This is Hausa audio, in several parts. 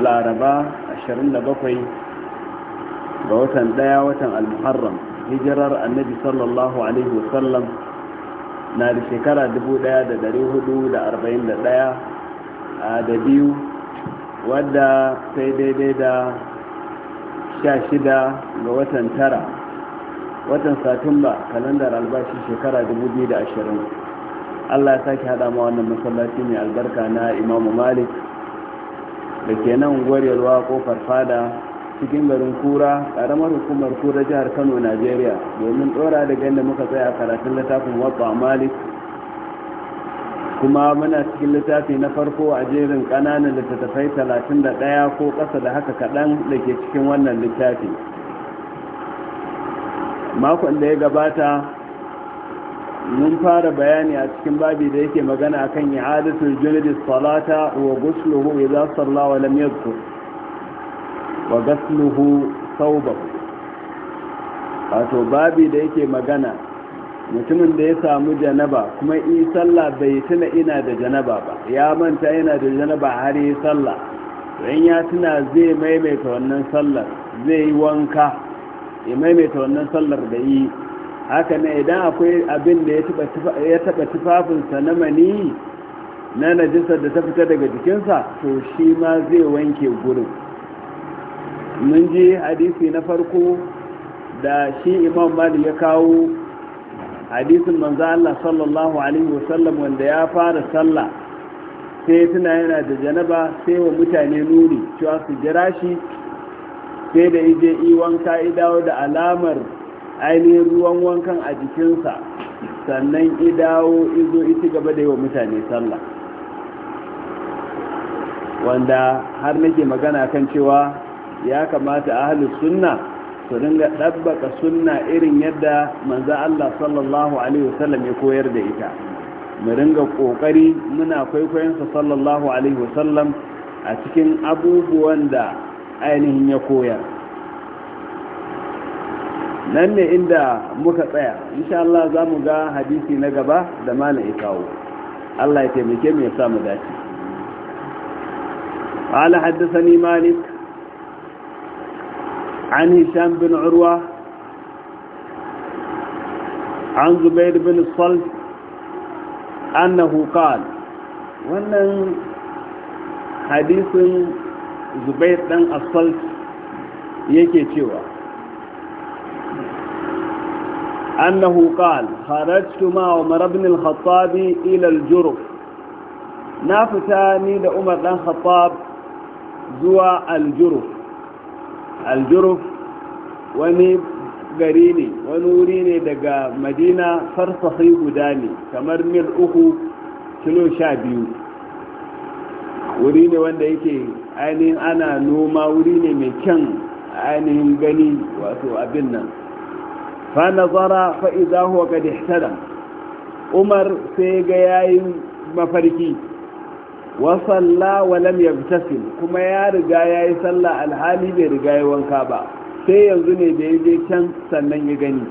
laraba 27 ga watan daya watan al-muharram hijirar annabi sallallahu alaihi wasallam na da shekara 1441 a da biyu wadda sai daidai da 16 ga watan tara watan satumba kalandar albashi shekara 2020 allah ya sake hada ma wannan masallaci mai albarka na imamu malik da ke nan gwarewa kofar fada cikin garin kura ƙaramar hukumar kura jihar kano najeriya domin tsora daga yadda muka tsaya karatun littafin wabba malik kuma muna cikin littafi na farko a jerin kananan littattafai ɗaya ko ƙasa da haka kaɗan da ke cikin wannan littafi makon da ya gabata mun fara bayani a cikin babi da yake magana akan i'adatul junubis salata wa ghusluhu idza salla wa lam yadhkur wa ghusluhu thawbahu wato babi da yake magana mutumin da ya samu janaba kuma in sallah bai tuna ina da janaba ba ya manta ina da janaba har yi sallah in ya tuna zai maimaita wannan sallar zai yi wanka ya maimaita wannan sallar da yi haka ne idan akwai abin da ya taba tufafinsa na mani na najisar da ta fita daga jikinsa to shi ma zai wanke gurin mun ji hadisi na farko da shi imam mali ya kawo hadisin manzo Allah sallallahu alaihi wasallam wanda ya fara sallah sai tuna yana da janaba sai wa mutane nuni cewa su jira shi sai da ije iwanka ya dawo da alamar ainihin ruwan wankan a jikinsa sannan idawo izo iti gaba da yawa mutane sallah wanda har nake magana kan cewa ya kamata ahli sunna su ringa ɗabbaka sunna irin yadda manzo Allah sallallahu alaihi wasallam ya koyar da ita mu ringa ƙoƙari muna kwaikwayon sa sallallahu alaihi wasallam a cikin abubuwan da ainihin ya koyar nan ne inda muka tsaya insha Allah za mu ga hadisi na gaba da mana ikawo Allah ya taimake mu ya samu dace ala حدثني malik an hisham bin urwa an zubair bin الصلت annahu qala wannan hadisin zubair dan asalt yake cewa أنه قال خرجت مع عمر بن الخطاب إلى الجرف نافتاني لأمر بن الخطاب زوى الجرف الجرف وني gari ne wani wuri ne daga madina farsahi guda ne kamar mil uku kilo sha biyu wuri ne wanda yake ainihin ana noma wuri ne mai kyan ainihin gani wato abin nan fanazara nazara fa idza huwa qad ihtalam umar sai ga yayi mafarki wa salla wa lam yabtasil kuma ya riga yayi sallah alhali bai riga yayi wanka ba sai yanzu ne da yaje can sannan ya gani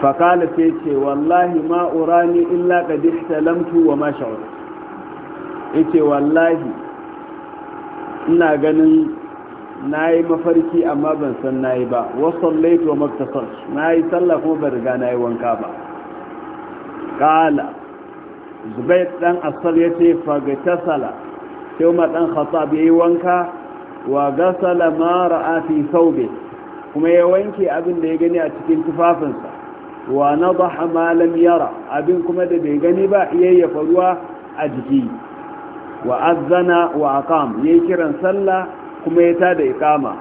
fa sai ce wallahi ma urani illa qad ihtalamtu wa ma sha'ur yace wallahi ina ganin na yi mafarki amma ban san na yi ba wasan laifin maktasar na yi sallah kuma ban riga na yi wanka ba ƙala zubai ɗan asar ya ce fagatasala sai ɗan khattab ya yi wanka wa gasala mara a fi saube kuma ya wanke abin da ya gani a cikin tufafinsa wa na ba hamalan yara abin kuma da bai gani ba iya yayyafa faruwa a jiki wa azana wa aqam yayi kiran sallah kuma ya tada ikama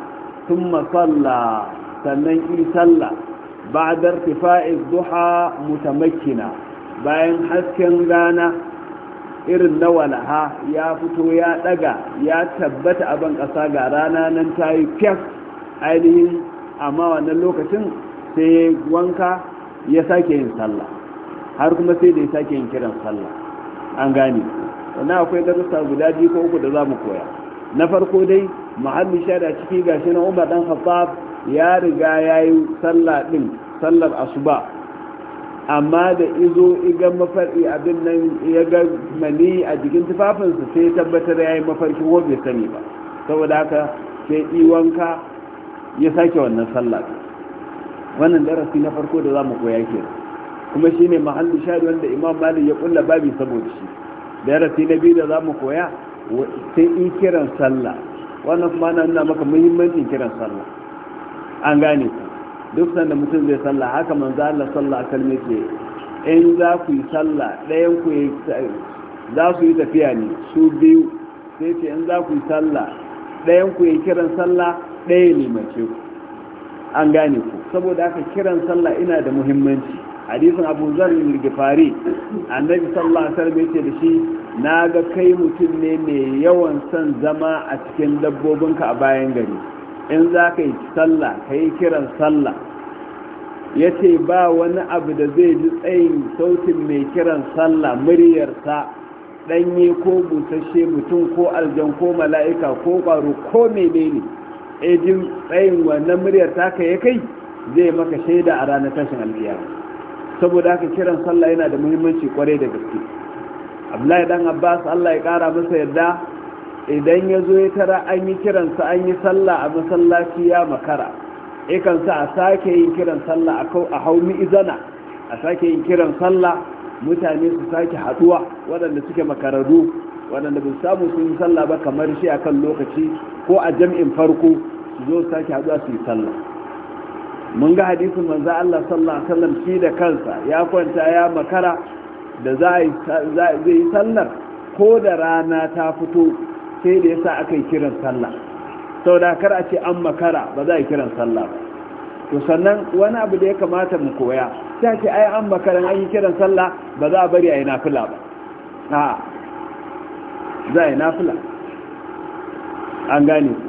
sun masalla sannan yi sallah ba dar tifa'iz duha mutamakina bayan hasken rana irin na walaha ya fito ya daga ya tabbata a ban ga rana nan ta yi kyas ainihin amma wannan lokacin sai wanka ya sake yin sallah har kuma sai da ya sake yin kiran salla an gane wannan akwai darussa guda biyu ko uku da za mu koya na farko dai muhammi shaida ciki gashi na umar dan khattab ya riga yayi sallah din sallar asuba amma da izo igan mafarki abin nan ya ga mani a jikin tufafinsa sai tabbatar ya yi mafarkin wanda bai sani ba saboda haka sai iwanka ya sake wannan sallah wannan darasi na farko da za mu koya ke kuma shi ne mahallin wanda imam malik ya kulla babi saboda shi darasi na biyu da za mu koya sai in kiran sallah wannan kuma na nuna maka muhimmancin kiran sallah an gane ku duk sanda mutum zai sallah haka manzo Allah sallah kalme ke in za ku yi sallah ɗayan ku yi za su yi tafiya ne su biyu sai ce in za ku yi sallah ɗayan ku yi kiran sallah ɗaya ne mace ku an gane ku saboda haka kiran sallah ina da muhimmanci hadisin abu zarin gifari annabi sallallahu alaihi wasallam yace da shi na ga kai mutum ne mai yawan son zama a cikin dabbobinka a bayan gari in za ka yi sallah ka yi kiran sallah ya ce ba wani abu da zai ji tsayin sautin mai kiran sallah muryarsa ɗanye ko busasshe mutum ko aljan ko mala'ika ko ƙwaro ko menene ejin tsayin wannan muryar taka ya kai zai maka shaida a ranar tashin alkiyama saboda haka kiran sallah yana da muhimmanci kwarai da gaske abdullahi dan abbas allah ya kara masa yarda idan ya zo ya tara an yi kiransa an yi sallah a masallaci ya makara ikan sa a sake yin kiran sallah a hau izana a sake yin kiran sallah mutane su sake haduwa waɗanda suke makararru waɗanda bin samu sun yi sallah ba kamar shi akan lokaci ko a jam'in farko su zo sake haduwa su yi sallah mun ga hadisin manzo Allah sallallahu alaihi wasallam shi da kansa ya kwanta ya makara da zai yi sallar ko da rana ta fito sai da yasa aka yi kiran sallah sau da kar a ce an makara ba za a yi kiran sallah ba to sannan wani abu da ya kamata mu koya sai ce ai an makaran an yi kiran sallah ba za a bari a yi nafila ba a za a yi nafila an gane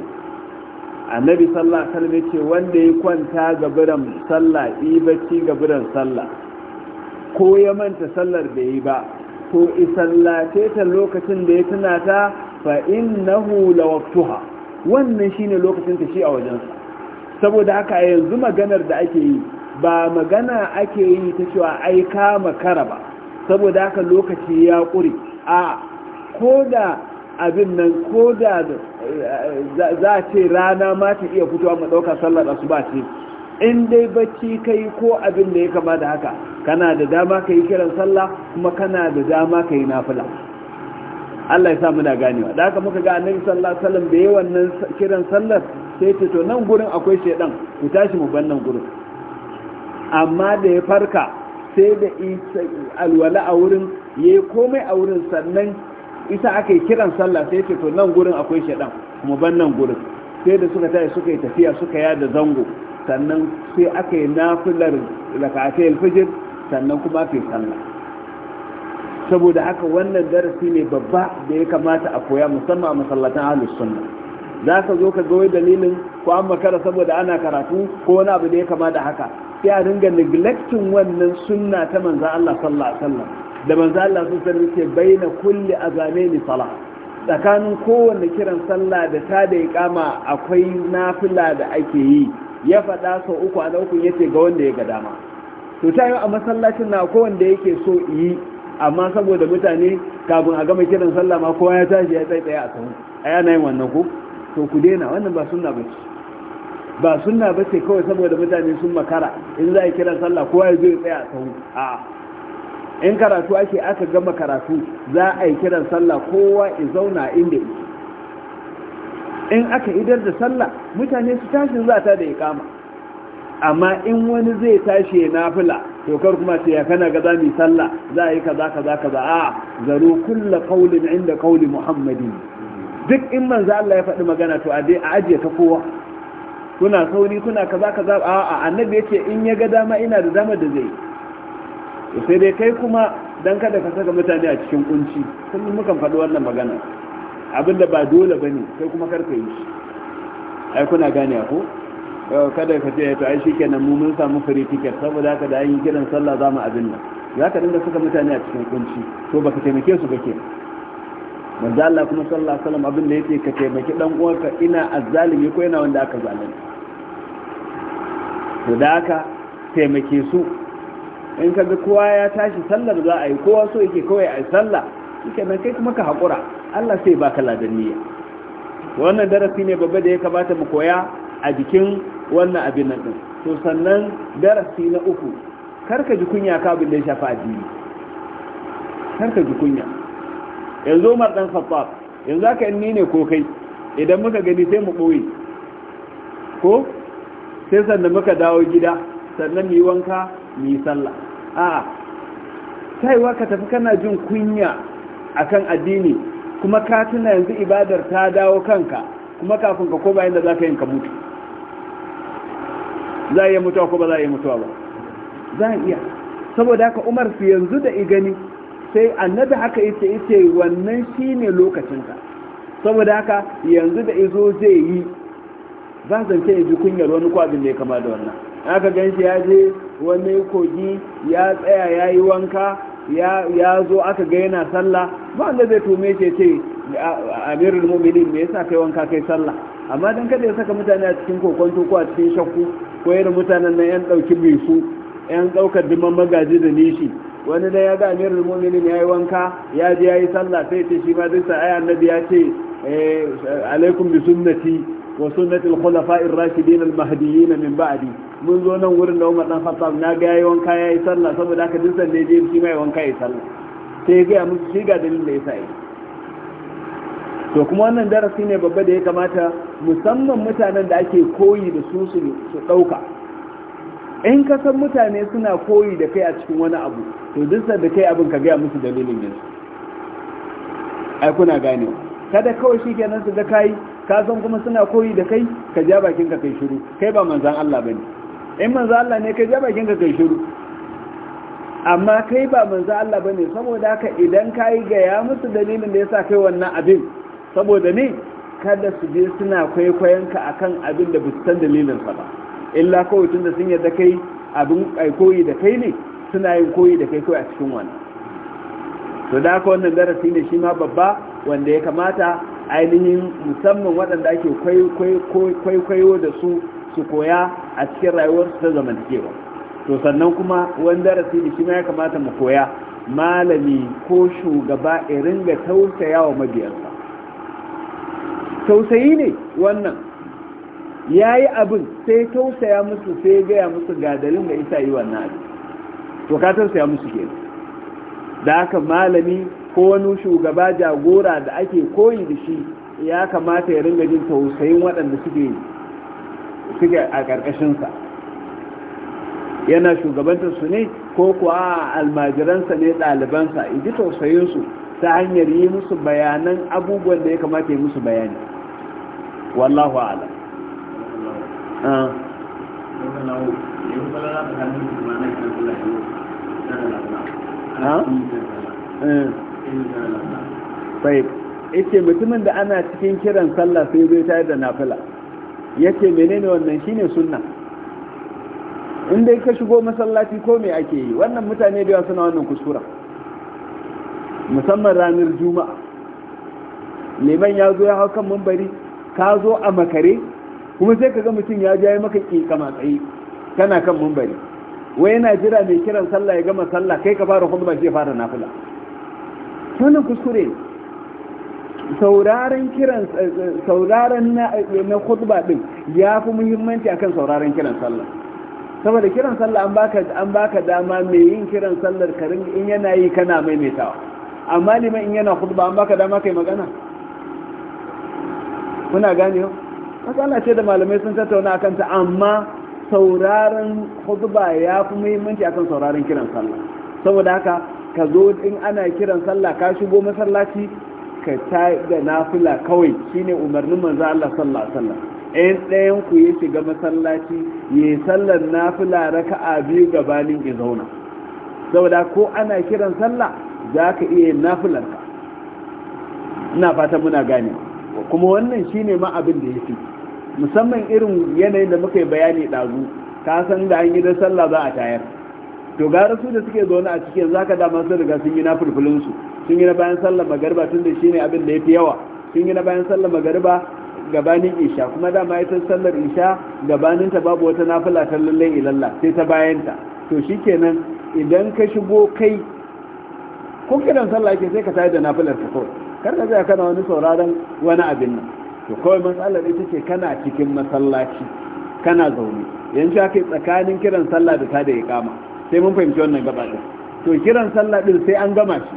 annabi sallah kalma ce wanda ya kwanta gaburan sallah yi bacci gaburan sallah ko ya manta sallar da yi ba ko isallace ta lokacin da ya tuna ta fa innahu lawaqtuha wannan shine lokacin ta shi a wajensa saboda haka yanzu maganar da ake yi ba magana ake yi ta cewa ai makara makara ba saboda haka lokaci ya ƙure a ko da abin nan ko da za a ce rana ma ta iya fitowa mu ɗauka sallar ba ce in dai bacci ka yi ko abin da ya kama da haka kana da dama ka yi kiran sallah kuma kana da dama ka yi nafila Allah ya sa muna ganewa da haka muka ga annabi sallallahu alaihi wasallam da yawan nan kiran sallar sai ce to nan gurin akwai shedan ku tashi mu ban nan gurin amma da ya farka sai da isa alwala a wurin yayi komai a wurin sannan isa aka yi kiran sallah sai ce to nan gurin akwai shaidan kuma ban nan gurin sai da suka tashi suka yi tafiya suka da zango sannan sai aka yi nafilar rakatai alfijir sannan kuma aka sallah saboda haka wannan darasi ne babba da ya kamata a koya musamman a masallatan ahlus sunna za ka zo ka ga dalilin ko an makara saboda ana karatu ko wani abu da ya kama da haka sai a dinga neglecting wannan sunna ta manzon Allah sallallahu alaihi wasallam da manzo Allah sun sanar ce baina kulli azanaini salah tsakanin kowanne kiran sallah da ta da iqama akwai nafila da ake yi ya faɗa sau uku a uku yace ga wanda ya ga dama to ta yi a masallacin na kowanne yake so yi amma saboda mutane kafin a gama kiran sallah ma kowa ya tashi ya tsaye a sahu a yana yin wannan ko to ku daina wannan ba sunna ba. ba sunna ba ce kawai saboda mutane sun makara in za a kiran sallah kowa ya zo ya tsaya a sahu a'a in karatu ake aka gama karatu za a yi kiran sallah kowa in zauna inda yake in aka idar da sallah mutane su tashi za ta da ikama amma in wani zai tashi ya nafila to kar kuma ce ya kana ga zami sallah za a yi kaza kaza kaza a zaro kulla qaulin inda qauli muhammadin duk in manzo Allah ya faɗi magana to a je ajiye ta kowa kuna sauri kuna kaza kaza a a annabi yace in ya ga dama ina da dama da zai sai dai kai kuma dan kada ka saka mutane a cikin kunci yi mukan faɗi wannan magana abinda ba dole ba ne kai kuma karka yi shi ai kuna gane ko kada ka ce to ai shi kenan mu mun samu free ticket saboda haka da an yi kiran sallah za mu abin nan za ka dinga saka mutane a cikin kunci to baka taimake su ke? manzo Allah kuma sallallahu alaihi wasallam abin da yake ka taimaki dan uwanka ina azzalimi ko yana wanda aka zalunta to da haka taimake su in ka ga kowa ya tashi sallar za a yi kowa so yake kawai a yi sallah shike nan kai kuma ka haƙura Allah sai baka ladan niyya wannan darasi ne babba da ya kamata mu koya a jikin wannan abin nan din to sannan darasi na uku kar ka ji kunya ka abin da ya shafi addini kar ka ji kunya yanzu Umar dan Khattab yanzu aka inni ne ko kai idan muka gani sai mu boye ko sai sannan muka dawo gida sannan mu yi wanka mu yi sallah a'a taiwa ka tafi kana jin kunya a kan addini kuma ka tuna yanzu ibadar ta dawo kanka kuma kafin ka bayan da za ka yin ka mutu za a iya mutuwa ko ba za a iya mutuwa ba za a iya saboda haka umar su yanzu da igani sai annabi haka ita ita wannan shi ne lokacinka saboda haka yanzu da izo zai yi ba zance ya ji kunyar wani kwabin da ya kama da wannan aka gan shi ya je wani kogi ya tsaya ya yi wanka ya zo aka ga yana sallah ba wanda zai tume ce ce amirul muminin me yasa kai wanka kai sallah amma dan kada ya saka mutane a cikin kokonto ko a cikin shakku ko irin mutanen nan yan dauki bisu yan daukar diman magaji da nishi wani da ya ga amirul muminin ya wanka ya je ya yi sallah sai ce shi ma duk sa annabi ya ce eh, alaikum bi sunnati wa sunnatul khulafa'ir rashidin al-mahdiyyin min ba'di mun zo nan wurin da Umar dan Khattab na ga yayi wanka yayi sallah saboda haka duk sanda je shi mai wanka yayi sallah sai ga musu shi ga dalilin da yasa yi to kuma wannan darasi ne babba da ya kamata musamman mutanen da ake koyi da su su dauka in ka san mutane suna koyi da kai a cikin wani abu to duk sanda kai abin ka ga musu dalilin yanzu ai kuna ganewa kada kawai shi kenan su ga kai ka san kuma suna koyi da kai ka ja bakin ka kai shiru kai ba manzan Allah bane in manzan Allah ne ka ja bakin ka kai shiru amma kai ba manzan Allah bane saboda haka idan kai ga ya musu dalilin da yasa kai wannan abin saboda ne kada su je suna kwaikwayon ka akan abin da bisan dalilin sa ba illa kawai tunda sun yarda kai abin koyi da kai ne suna yin koyi da kai kawai a cikin wannan to da haka wannan darasi ne shi ma babba wanda ya kamata ainihin musamman waɗanda ake kwaikwayo da su su koya a cikin rayuwarsu ta zamantakewa to sannan kuma wani darasi da shi ma ya kamata mu koya malami ko shugaba irin ga tausaya wa mabiyarsa tausayi ne wannan ya yi abin sai tausaya musu sai gaya musu ga dalin da isa yi wannan abin to ka tausaya musu ke da haka malami ko wani shugaba jagora da ake koyi da shi ya kamata ya ringa jin tausayin waɗanda suke suke a ƙarƙashinsa yana shugabantar su ne ko kuwa almajiransa ne ɗalibansa ji tausayinsu ta hanyar yi musu bayanan abubuwan da ya kamata yi musu bayani wallahu ala ha? Ah. Ah? Eh. sai yace mutumin da ana cikin kiran sallah sai zai tayar da nafila yace menene wannan shine sunna in dai ka shigo masallaci ko me ake yi wannan mutane da yawa suna wannan kuskura musamman ranar juma'a liman ya zo ya hau kan mambari ka zo a makare kuma sai ka ga mutum ya jaye maka kama matsayi kana kan mambari wai yana jira mai kiran sallah ya gama sallah kai ka fara hudu ba fara nafila wannan kuskure sauraron kiran eh, eh, sauraron eh, na khutba din yafi muhimmanci akan sauraron kiran sallah saboda kiran sallah an baka an baka dama mai yin kiran sallar karin in yana yi kana maimaitawa amma liman in yana khutba an baka dama kai magana kuna gane matsala ce da malamai sun tattauna akan ta amma sauraron khutba ya fi muhimmanci akan sauraron kiran sallah saboda haka ka zo in ana kiran sallah ka shigo masallaci ka ta da nafila kawai shine umarnin manzo Allah sallallahu alaihi wasallam in ɗayan ku ya shiga masallaci ya sallar nafila raka'a biyu gabanin ya zauna saboda ko ana kiran sallah za ka iya yin nafilar ka ina fata muna gane kuma wannan shine ma abin da yafi musamman irin yanayin da muka yi bayani ɗazu ka san da an yi sallah za a tayar to gara su da suke zaune a cikin zaka dama sun riga sun yi na su sun yi na bayan sallar magariba tun da shine abin da yafi yawa sun yi na bayan sallar magariba gabanin isha kuma dama ita sallar isha gabanin ta babu wata nafila ta lallai ilalla sai ta bayan ta to shikenan idan ka shigo kai ko kiran sallah yake sai ka tayar da nafilar ka kawai kar ka tsaya kana wani sauraron wani abin nan to kawai matsalar ita ce kana cikin masallaci kana zaune yanzu aka tsakanin kiran sallah da ta da kama. sai mun fahimci wannan gaba ɗin to kiran sallah ɗin sai an gama shi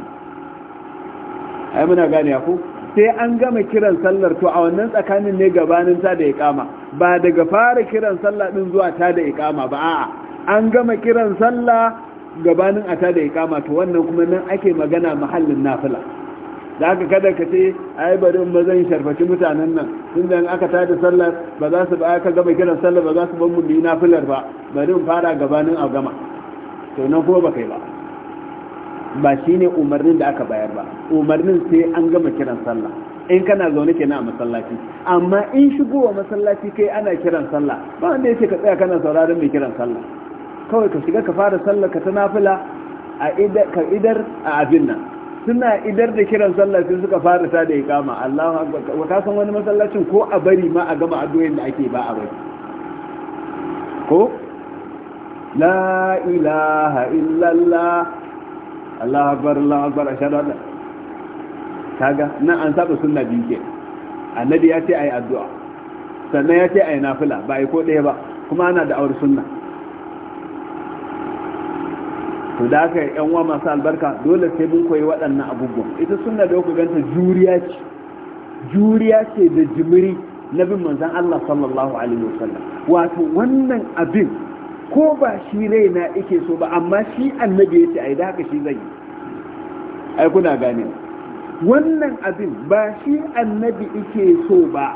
ai muna gane ku sai an gama kiran sallar to a wannan tsakanin ne gabanin ta da iqama ba daga fara kiran sallah ɗin zuwa ta da iqama ba a'a an gama kiran sallah gabanin a ta da iqama to wannan kuma nan ake magana mahallin nafila da haka kada ka ce ai bari in bazan sharfaci mutanen nan tun da aka tada sallar ba za su ba aka gama kiran sallar ba za su ban mu yi nafilar ba bari in fara gabanin a gama to nan kuma ba kai ba ba shi ne umarnin da aka bayar ba umarnin sai an gama kiran sallah in kana zaune kenan a masallaci amma in shigowa masallaci kai ana kiran sallah ba wanda yake ka tsaya kana sauraron mai kiran sallah kawai ka shiga ka fara sallah ka ta nafila a ka idar a abin nan suna idar da kiran sallah sai suka fara ta da iqama Allahu akbar ka san wani masallacin ko a bari ma a gama addu'o'in da ake ba a bari ko la ilaha illallah Allah akbar Allah akbar ashhadu an kaga nan an saba sunna biyu ke annabi ya ce ayi addu'a sannan ya ce ayi nafila ba ai ko ɗaya ba kuma ana da aure sunna to da haka yan uwa masu albarka dole sai mun koyi waɗannan abubuwan ita sunna da ku ganta juriya ce juriya ce da jimiri na bin manzon Allah sallallahu alaihi wasallam wato wannan abin ko ba shi na ike so ba amma shi annabi ya ce ai da haka shi zai yi ai kuna gane wannan abin ba shi annabi ike so ba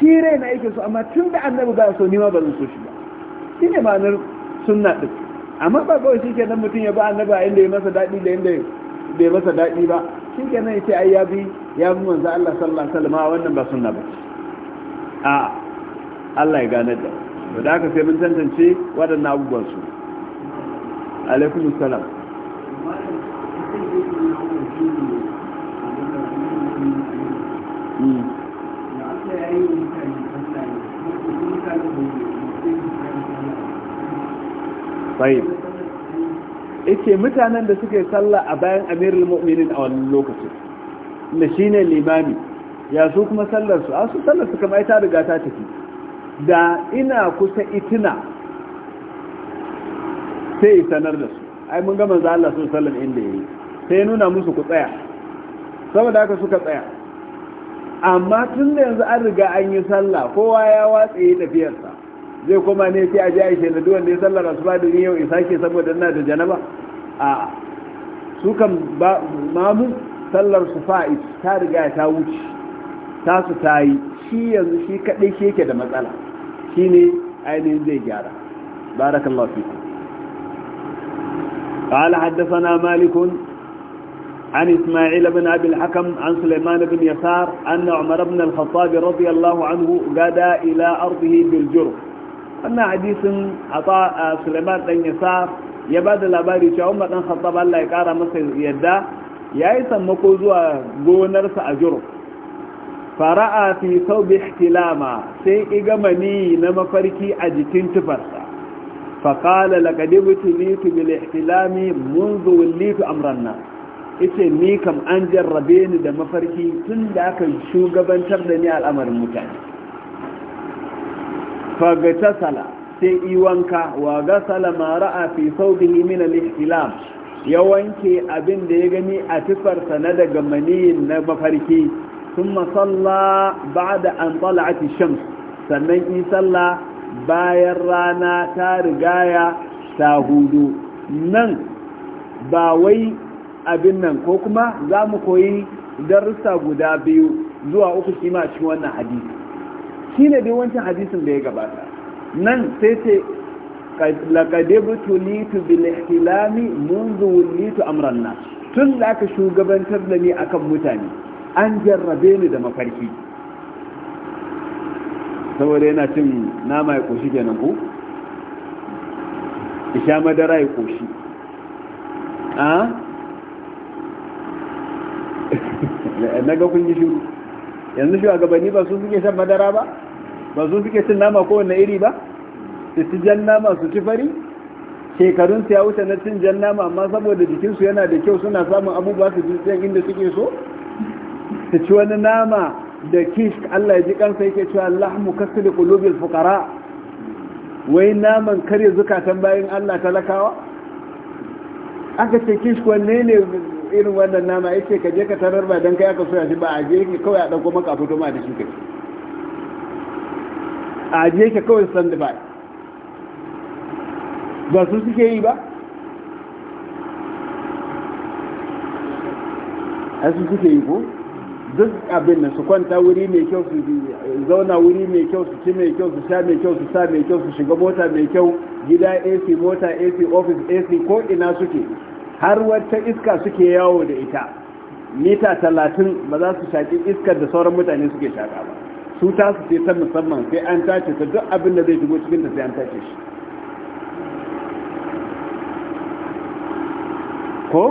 shi na ike so amma tun da annabi ba so nima ba zan so shi ba shi ne ma'anar sunna ɗin amma ba kawai shi kenan mutum ya ba annabi a inda ya masa daɗi da inda bai masa daɗi ba shi kenan ya ce ai ya bi ya bi manzo Allah sallallahu alaihi wasallam wannan ba sunna ba a Allah ya ganar da mu to da haka sai mun tantance waɗannan abubuwan su alaikum salam طيب hmm. ike mutanen da suka yi sallah a bayan amirul mu'minin a wannan lokacin da shine limami ya su kuma sallar su a su sallar su kama ita riga ta tafi da ina kusa itina sai sanar da su ai mun ga manzo Allah sallallahu alaihi wasallam inda yake sai nuna musu ku tsaya saboda haka suka tsaya amma tun da yanzu an riga an yi sallah kowa ya watsa watse tafiyarsa zai koma ne sai a ji aishe da duwan da ya sallar asuba da yau isa ke saboda ina da janaba a su kan mamu sallar su fa'i ta riga ta wuce ta su ta yi shi yanzu shi kadai shi yake da matsala shi ne ainihin zai gyara barakan haddasa na malikun an ismail bin abin hakam an suleiman bin yasar an na umarabin alhassabi radiyallahu anhu gada ila arzihi biljur wannan hadisin a ta suleiman ɗan yasar ya ba da labari cewa umar ɗan hassabi ya ƙara masa yadda ya yi zuwa gonarsa a jurur fara'a fi saubi ihtilama sai iga mani na mafarki a jikin tufarsa faƙala laƙadibu tulitu bil ihtilami munzu wallitu amranna ita ni kam an jarrabe ni da mafarki tun da aka shugabantar da ni al'amarin mutane fagata sala sai wanka wa gasala ma ra'a fi saubihi min al-ihtilam ya wanke abin da ya gani a tufarsa na daga maniyin na mafarki thumma salla ba'da an tala'at ash sannan yi bayan rana ta rigaya ta hudu nan ba wai abin nan ko kuma za mu koyi darussa guda biyu zuwa uku shi ma cikin wannan hadisi shi ne dai wancan hadisin da ya gabata nan sai ce laƙadibtu litu bil mun munzu wulitu amran tun da aka shugabantar da ni akan mutane an jarrabe ni da mafarki saboda yana cin nama ya koshi kenan ku isha madara ya koshi a na ga kun yi shiru yanzu gabani ba sun suke shan madara ba ba sun suke cin nama kowane iri ba su ci jan nama su ci fari su ya wuce na cin jan nama amma saboda jikinsu yana da kyau suna samun abubuwa su ji inda suke so ta ci wani nama da kish Allah ya ji kansa yake cewa lahmu kasli qulubil fuqara wai naman kare zukatan bayan Allah talakawa aka ce kish wanne ne irin wannan nama yake ka je ka tarar ba dan kai aka soya shi ba a je kawai a dauko maka fito ma da shi kai a je ka kawai stand by ba su suke yi ba a su suke yi ko duk abin da su kwanta wuri mai kyau su zauna wuri mai kyau su ci mai kyau su sha mai kyau su sa mai kyau su shiga mota mai kyau gida ac mota ac office ac ko ina suke har wata iska suke yawo da ita mita talatin ba za su shaƙi iskar da sauran mutane suke shaƙa ba su tasu ce ta musamman sai an tace ta duk abin da zai shigo cikin da sai an tace shi ko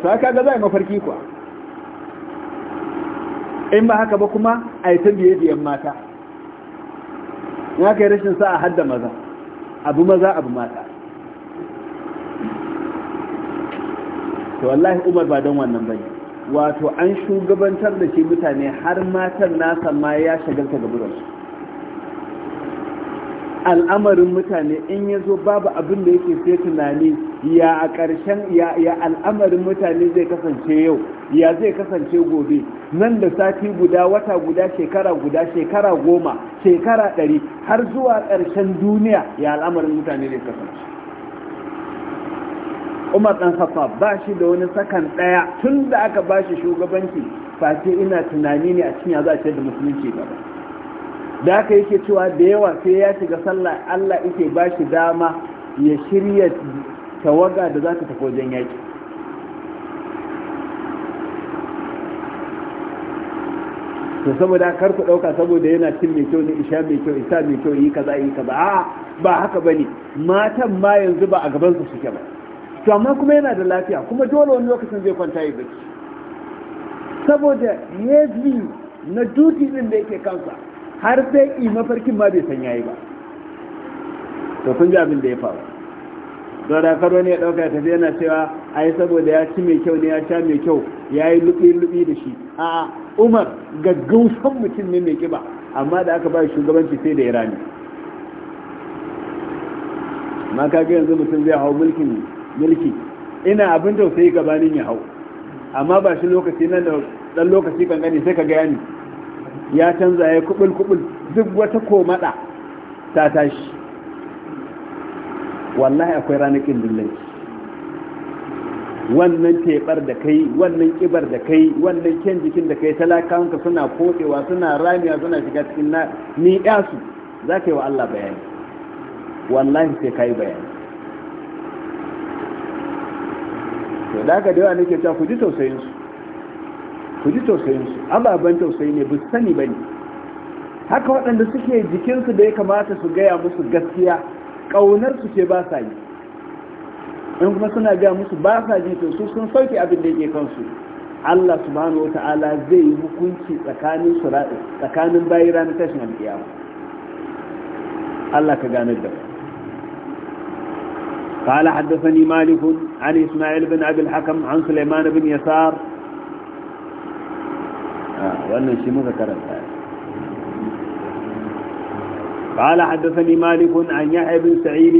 su haka ga zai mafarki kuwa in ba haka ba kuma a yi ta biye yan mata ya kai rashin sa a hadda maza abu maza abu mata to wallahi umar ba don wannan bane wato an shugabantar da shi mutane har matan nasa ma ya shagalta ga su. al'amarin mutane in ya zo babu abin da yake sai tunani ya a ƙarshen ya al'amarin mutane zai kasance yau ya zai kasance gobe nan da sati guda wata guda shekara guda shekara goma shekara ɗari har zuwa ƙarshen duniya ya al'amarin mutane ne kasance umar ɗan hafa ba shi da wani sakan ɗaya tun da aka ba shi shugabanci face ina tunani ne a cikin za a ce da musulunci gaba da aka yake cewa da yawa sai ya shiga sallah allah yake ba shi dama ya shirya tawaga da za ta tafi wajen yaƙi to saboda kar ku dauka saboda yana cin mai kyau ne isha mai kyau isa mai kyau yi kaza yi kaza a ba haka bane matan ma yanzu ba a gaban su suke ba to amma kuma yana da lafiya kuma dole wani lokacin zai kwanta yi bacci saboda yezi na duti din da yake kansa har sai i mafarkin ma bai san yayi ba to kun ji abin da ya faru Da da karo ne ya dauka tafi yana cewa ai saboda ya ci mai kyau ne ya sha mai kyau ya yi lubi lubi da shi a'a umar gaggausan mutum ne mai kiba amma da aka ba shugabanci sai da irani ma ka ga yanzu mutum zai hau mulkin mulki ina abin tausayi gabanin ya hau amma ba shi lokaci nan da dan lokaci kankani sai ka gani ya canza ya kubul kubul duk wata komada ta tashi wallahi akwai ranakin dillanci wannan teɓar da kai wannan ƙibar da kai wannan kyan jikin da kai talakawanka suna kotsewa suna ramiya suna shiga cikin na ni su za ka yi wa Allah bayani wallahi sai ka yi bayani to da haka dawa nake cewa ku ji tausayinsu ku ji tausayinsu ababen tausayi ne bu sani ba ne haka waɗanda suke jikinsu da ya kamata su gaya musu gaskiya ƙaunarsu ce ba sa yi in kuma suna gaya musu ba sa ji to su sun sauke abin da yake kansu Allah subhanahu wata'ala zai yi hukunci tsakanin sura'i tsakanin bayi ranar tashin alƙiyama Allah ka ganar da قال حدثني مالك عن إسماعيل بن أبي الحكم عن سليمان بن يسار وأنه شيء مذكر قال حدثني مالك عن يحيى بن سعيد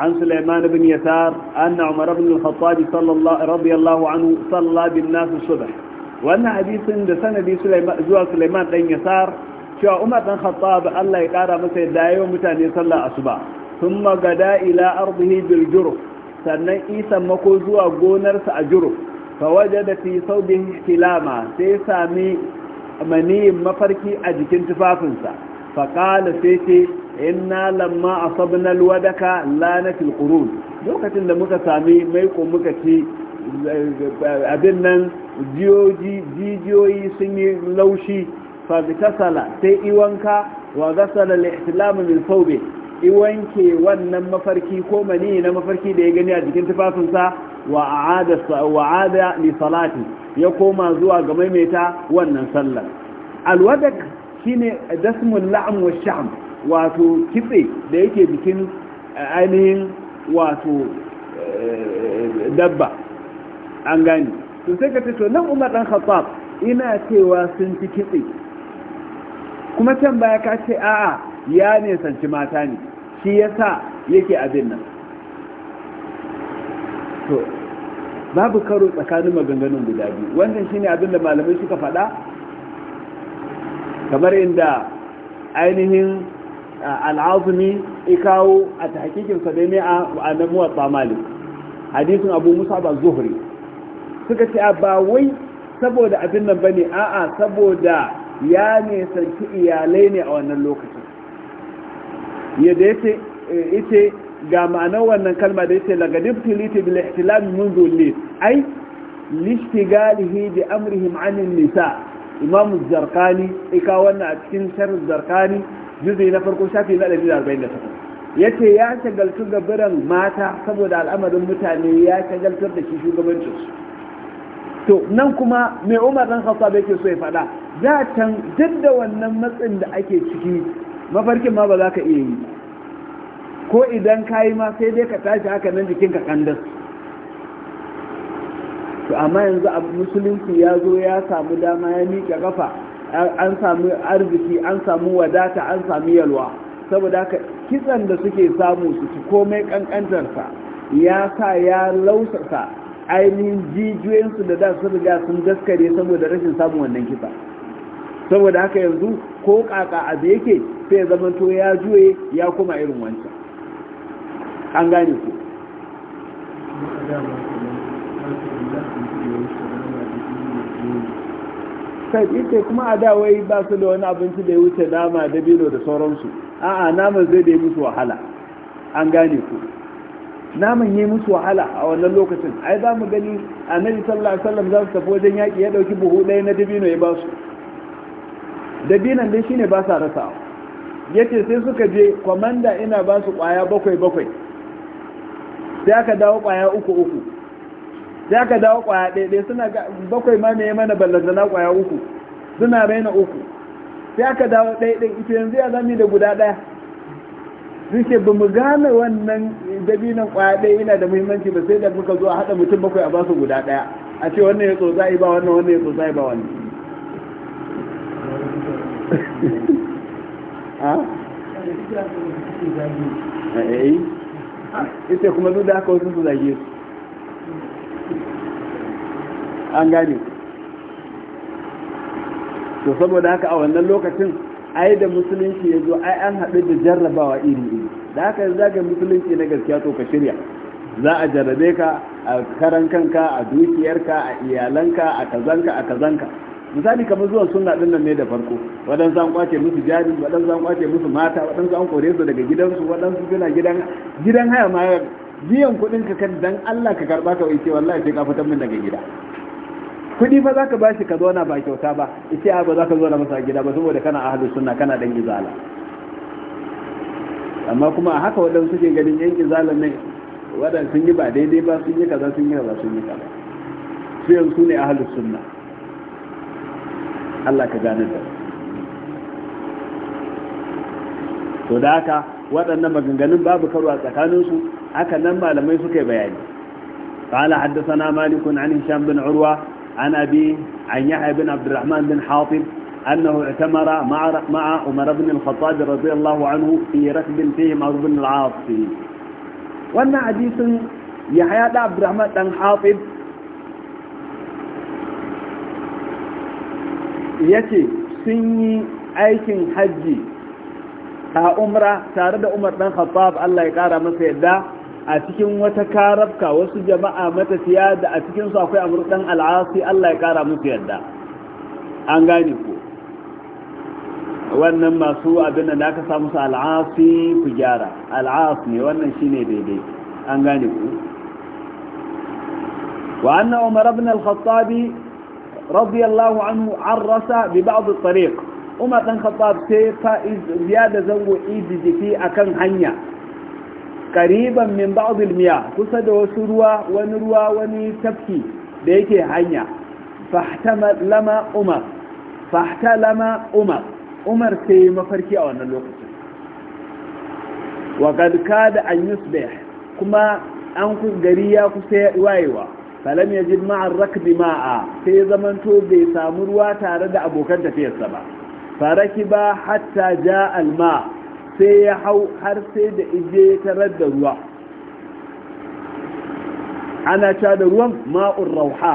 عن سليمان بن يسار أن عمر بن الخطاب صلى الله رضي الله عنه صلى بالناس الصبح وأن حديث سندي سليمان زوال سليمان بن يسار شو عمر بن الخطاب الله يقارى مسيد دايو متاني صلى الصبح ثم غدا إلى أرضه بالجرف sannan isa mako zuwa gonarsa a juro fa wajada fi saubin ihtilama sai sami maniyin mafarki a jikin tufafinsa fa qala sai ce inna lamma asabna alwadaka lanatil qurun lokacin da muka sami maiko muka ci abin nan jijiyoyi sun yi laushi fa bitasala sai iwanka wa gasala al min thawbi iwanke wannan mafarki ko mani na mafarki da ya gani a jikin tufafinsa wa aada wa aada li salati ya koma zuwa ga maimaita wannan sallar alwadak shine dasmul la'am wa sham wato kitse da yake jikin eh, ainihin wato eh, dabba an gani to sai ka to nan umar dan khattab ina cewa sun fi kitse kuma can baya ka ce a'a ya ne sanci mata ne shi ya sa yake abin nan to babu karo tsakanin maganganun guda biyu wannan ne abin da malamai suka faɗa kamar inda ainihin al'azumi ikawo a tahqiqin sa ne a na muwatta malik hadisin abu musa ba zuhri suka ce ba wai saboda abin nan bane a'a saboda ya ne iyalai ne a wannan lokacin yadda yace ite ga ma'anar wannan kalma da yace lagadib tiliti bil ihtilam منذ الليل ai lishtigalihi bi amrihim an nisa imam zarkani ika wannan a cikin sharar zarkani juzi na farko shafi na 148 ce ya shagaltu ga biran mata saboda al'amarin mutane ya shagaltar da shi shugabancin su to nan kuma mai Umar hausa Khattab yake so ya faɗa za can duk da wannan matsin da ake ciki mafarkin ma ba za ka iya yi ko idan ka yi ma sai dai ka tashi haka nan jikinka kandas to amma yanzu musulunci ya zo ya samu dama ya miƙa kafa an samu arziki an samu wadata an samu yalwa saboda haka kitsan da suke samu su ci komai kankantarsa ya sa ya lausasa ainihin jijiyoyinsu da da su riga sun daskare saboda rashin samun wannan kitsa saboda haka yanzu ko kaka a da yake sai zamanto ya juye ya kuma irin wancan an gane ku kai ita kuma a da wai ba su da wani abinci da ya wuce nama dabino da sauransu a'a naman zai da yi musu wahala an gane ku naman yi musu wahala a wannan lokacin ai za mu gani annabi sallallahu alaihi wasallam za su tafi wajen yaƙi ya ɗauki buhu ɗaya na dabino ya ba su dabinan dai shine ba sa rasawa yace sai suka je kwamanda ina ba su ƙwaya bakwai bakwai sai aka dawo ƙwaya uku uku sai aka dawo kwaya ɗaya suna bakwai ma mai mana ballantana kwaya uku suna raina uku sai aka dawo ɗaya ɗaya ita yanzu ya zami da guda ɗaya suke ba mu gane wannan dabinan kwaya ɗaya yana da muhimmanci ba sai da muka zo a haɗa mutum bakwai a ba su guda ɗaya a ce wannan ya tsotsa ba wannan wannan ya tsotsa ba wannan ah? eh, eh. ita kuma duk da haka wasu su zage su an gane to saboda haka a wannan lokacin ai da musulunci ya zo ai an haɗu da jarrabawa iri iri da haka yanzu zaga musulunci na gaskiya to ka shirya za a jarrabe ka a karan kanka a dukiyarka a iyalanka a kazanka a kazanka misali kamar zuwan suna din nan ne da farko waɗansu an kwace musu jari waɗansu an kwace musu mata waɗansu an kore su daga gidansu waɗansu suna gidan gidan haya ma biyan kuɗin ka kan dan Allah ka karba ka wai ce wallahi sai ka fitar min daga gida kuɗi fa zaka bashi ka zauna ba kyauta ba ita a ba zaka zauna masa gida ba saboda kana ahlu sunna kana dan izala amma kuma a haka waɗansu ke ganin yan izalan ne waɗanda sun yi ba daidai ba sun yi kaza sun yi kaza sun yi kaza su yanzu ne ahlu sunna Allah ka gane da to da haka waɗannan maganganun babu karo a tsakaninsu haka nan malamai suka yi bayani قال حدثنا مالك عن هشام بن عروه عن أبيه عن يحيى بن عبد الرحمن بن حاطب أنه اعتمر مع مع عمر بن الخطاب رضي الله عنه في ركب فيه عمرو بن العاص فيه وأن حديث يحيى عبد الرحمن بن حاطب yace sun yi aikin hajji a umra tare da umar dan khattab Allah ya kara masa yadda a cikin wata karabka wasu jama'a matafiya da a cikinsu akwai amur ɗan al'asi Allah ya ƙara musu yadda an gane ku wannan masu abin da aka samu su al'asi ku gyara al'as ne wannan shi ne daidai an gane ku wa anna umar ibn al-khattabi radiyallahu anhu arrasa bi ba'd at-tariq umar dan khattab sai fa ziyada zango idjiki akan hanya Ƙariban min ba'd kusa da wasu ruwa wani ruwa wani tafki da yake hanya fahtalama umar fahtalama umar umar sai mafarki a wannan lokacin wa qad kada an yusbih kuma an ku gari ya kusa wayewa falam yajid ma'a ar-rakb ma'a sai zamanto bai samu ruwa tare da abokan tafiyarsa ba faraki ba hatta ja al-ma' sai ya hau har sai da ije tarar da ruwa ana ta da ruwan ma'ur rauha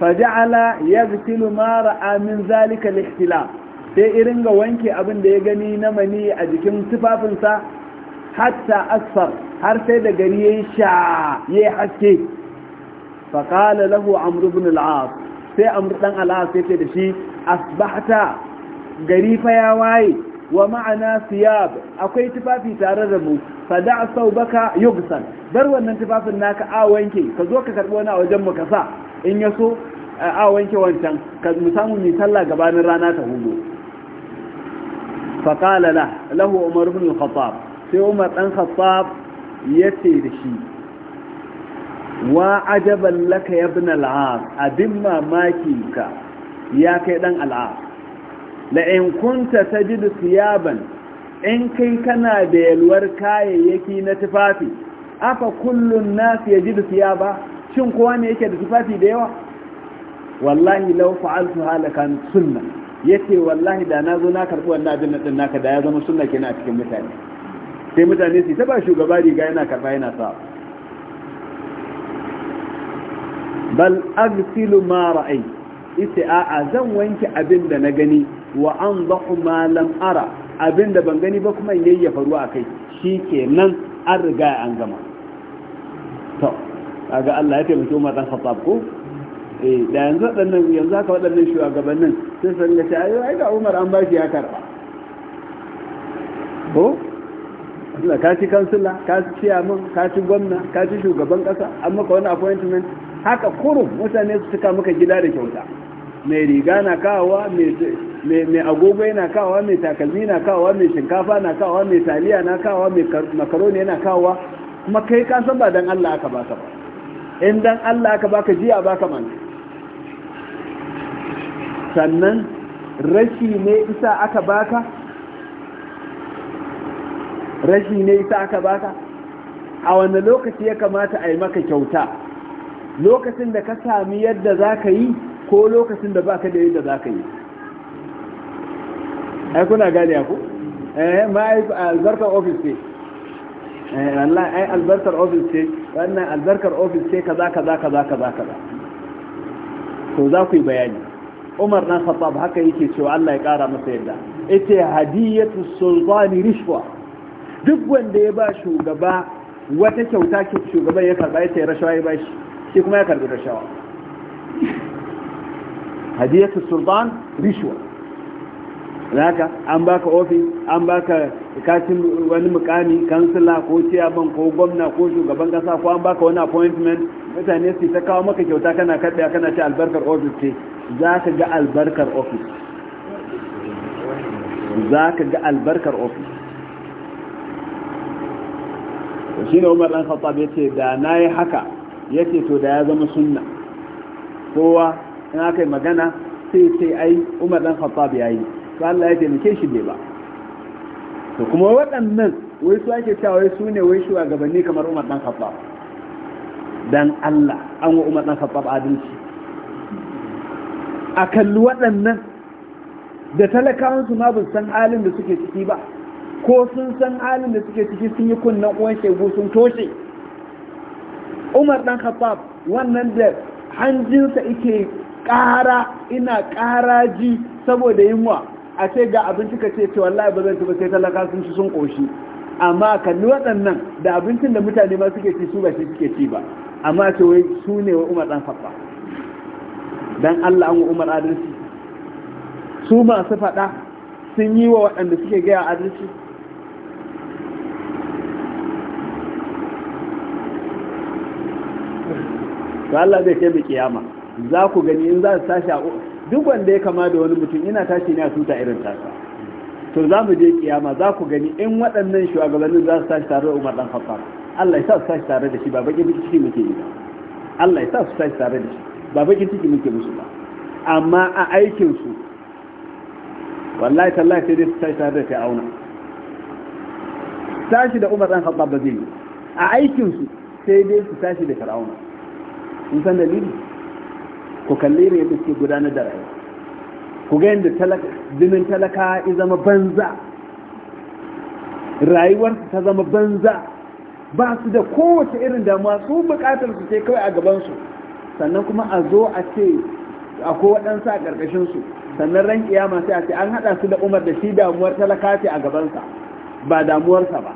faja'ala ya zikilu mara amin zalika lihtila sai irin ga wanke abin da ya gani na mani a jikin tufafinsa hatta asfar har sai da gari ya yi sha ya haske faƙala lahu amru bin al'as sai amru ɗan al'as ya ce da shi asbahta gari fa ya waye wa ma'ana siyab akwai tufafi tare da mu da saubaka yugsan bar wannan tufafin naka a wanke ka zo ka karbi wani a wajen mu ka sa in ya so a wanke wancan ka mu samu mi sallah gabanin rana ta hudu fa qala la lahu umar ibn al-khattab sai umar dan khattab yace da shi wa ajaban laka ya ibn al-aas abin mamakin ka ya kai dan al-aas in kunta tajidu siyaban in kai kana da yalwar kayayyaki na tufafi aka kullum nas yajidu siyaba shin kowa ne yake da tufafi da yawa wallahi law fa'altu halakan sunna yace wallahi da na zo na karɓi wannan abin din naka da ya zama sunna kenan a cikin mutane sai mutane su ta ba shugaba riga yana karɓa yana sa bal aghsilu ma ra'ay ita a'a zan wanke abin da na gani wa an zaɓu malam ara abin da ban gani ba kuma in yayyafa ruwa a kai shi ke nan an riga an gama to kaga Allah ya taimaki Umar dan Khattab ko eh da yanzu waɗannan yanzu haka waɗannan shugabannin sai san ga cewa ai da Umar an bashi ya karba ko Allah ka ci kansila ka ci ciyaman ka ci gwamna ka ci shugaban ƙasa an maka wani appointment haka kurum mutane su cika maka gida da kyauta mai riga na kawowa mai mai agogo yana kawowa mai takalmi na kawowa mai shinkafa na kawowa mai taliya na kawowa mai makaroni yana kawowa kuma kai ka san ba dan Allah aka baka ba in dan Allah aka baka jiya baka man sannan rashi ne isa aka baka rashi ne isa aka baka a wanda lokaci ya kamata a yi maka kyauta lokacin da ka sami yadda za ka yi ko lokacin da baka da yadda za ka yi ai kuna gane ku eh mai albarkar office ce eh wallahi ai albarkar office ce wannan albarkar office ce kaza kaza kaza kaza kaza to za ku yi bayani Umar dan Khattab haka yake cewa Allah ya kara masa yadda ita hadiyatu sultani rishwa duk wanda ya ba shugaba wata kyauta ke shugaban ya karba yace rashawa ya bashi shi kuma ya karbi rashawa hadiyatu sultan rishwa zaka an baka ofis an baka katin wani mukami kansila ko ciyaban, ko gwamna ko shugaban kasa ko an baka wani appointment mutane su ta kawo maka kyauta kana kaɗaya kana ci albarkar ofis ce za ka ga albarkar ofis za ka ga albarkar ofis shi ne umar ɗan khattab ya ce da na yi haka ya ce to da ya zama sunna kowa in aka yi magana sai sai ai umar ɗan khattab ya yi to Allah ya taimake shi ne ba to kuma waɗannan wai su ake cewa wai su ne wai shugabanni kamar Umar dan Khattab dan Allah an wa Umar dan Khattab adalci a kalli waɗannan da talakawansu ma ba san halin da suke ciki ba ko sun san halin da suke ciki sun yi kunnan uwan shegu sun toshe umar dan khattab wannan da hanjinsa ike ƙara ina ƙara ji saboda yunwa a ce ga abinci ka ce ce wallahi ba zan ci ba sai talaka sun ci sun koshi amma ni waɗannan da abincin da mutane ma suke ci su ba shi suke ci ba amma ce wai su ne wa umar dan faɗa dan Allah an wa umar adalci su masu faɗa sun yi wa waɗanda suke gaya adalci Allah zai kai mu kiyama za ku gani in za su tashi a duk wanda ya kama da wani mutum yana tashi ne a tuta irin tasa to za mu je kiyama za ku gani in waɗannan shugabannin za su tashi tare da Umar dan Khattab Allah ya sa su tashi tare da shi ba bakin ciki muke yi ba Allah ya sa su tashi tare da shi ba bakin ciki muke musu ba amma a aikin su wallahi tallahi sai dai su tashi tare da kai auna tashi da Umar dan Khattab ba zai yi a aikin su sai dai su tashi da auna, in san dalili ku kalli ne yadda suke gudanar da rayuwa ku ga yadda jinin talaka ya zama banza rayuwar ta zama banza ba su da kowace irin damuwa su bukatar su sai kawai a gabansu sannan kuma a zo a ce akwai waɗansu a ƙarƙashinsu sannan ran kiyama sai a ce an haɗa su da umar da shi damuwar talaka ce a gabansa ba damuwarsa ba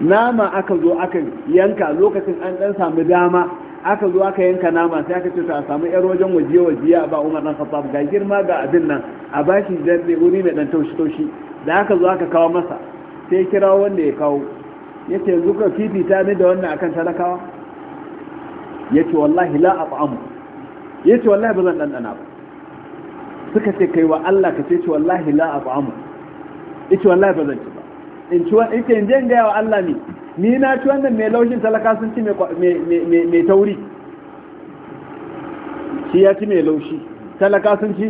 nama aka zo aka yanka lokacin an ɗan samu dama aka zo aka yanka nama sai aka ce ta a samu yar wajen waje waje a ba Umar dan Khattab ga girma ga abin nan a bashi zabe wuri mai dan taushi taushi da aka zo aka kawo masa sai kira wanda ya kawo yace yanzu ka fifita ni da wannan akan talakawa yace wallahi la at'amu yace wallahi ba zan dandana ba suka ce kai wa Allah ka ce wallahi la at'amu yace wallahi ba zan ci ba in ci wa yace in je in ga wa Allah ne ni na ci wannan mai laushin talaka sun ci mai tauri shi ya ci mai laushi talaka sun ci